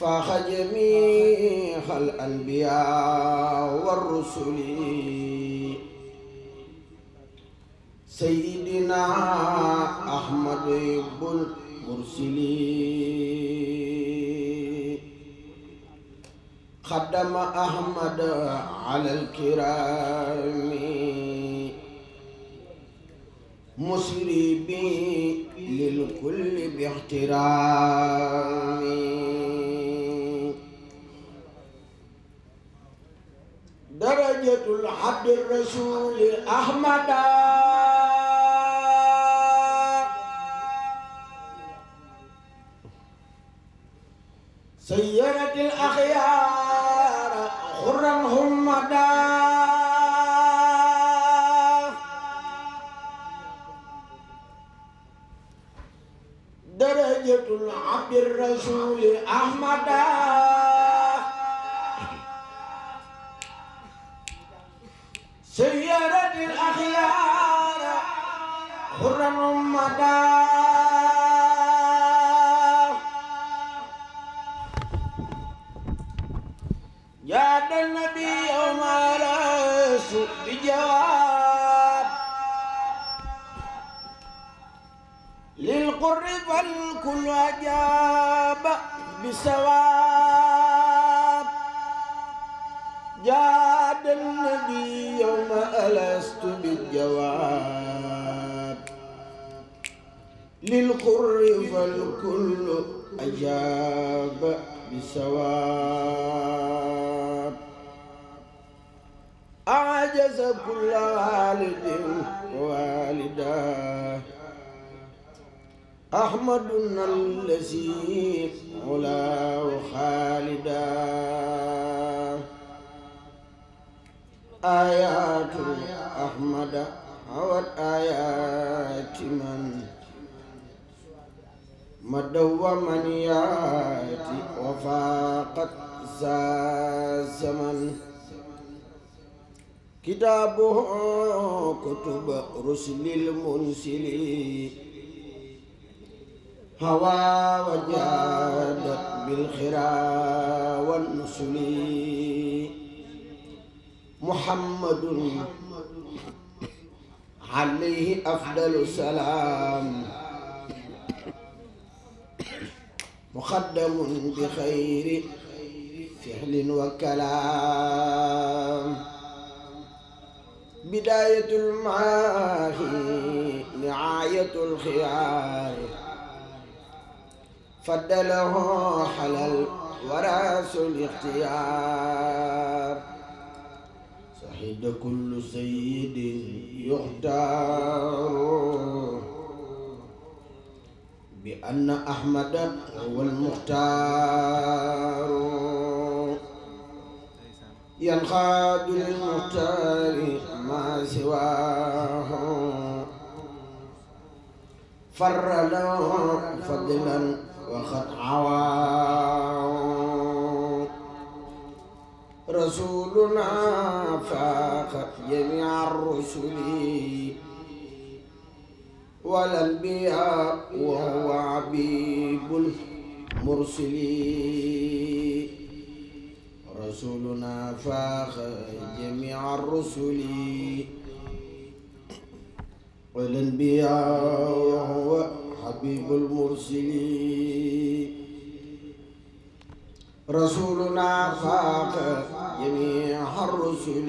فاخ جميع الأنبياء والرسل سيدنا أحمد بن المرسلين خدم أحمد على الكرام مسري للكل باحترام حجة العبد الرسول أحمد سيرت الأخيار خرا همدا درجة العبد الرسول أحمد الأخيار غرا مدى جاد النبي وما راس بجواب للقر فالكل أجاب بسواب جاد النبي لست بالجواب للقر فالكل أجاب بسواب أعجز كل والد ووالداه أحمد الذي على دومنياتي وفاقت ذا الزمن كتابه كتب رسل المنسل هوى وجادت بالخرا والنسل محمد عليه أفضل السلام muxaddamun bi xayri fixlin wa kalaam bidaayatul maahi niaayatul xiyaari faddalahu xalal waraasul ixtiyaar saxida kullu sayidin yuxtaaru أن أحمد هو المختار ينقاد للمختار ما سواه فر له فضلا وقد عواه رسولنا فاق جميع الرسل والأنبياء وهو عبيب المرسلين رسولنا فاخ جميع الرسل والأنبياء وهو حبيب المرسلين رسولنا فاق جميع الرسل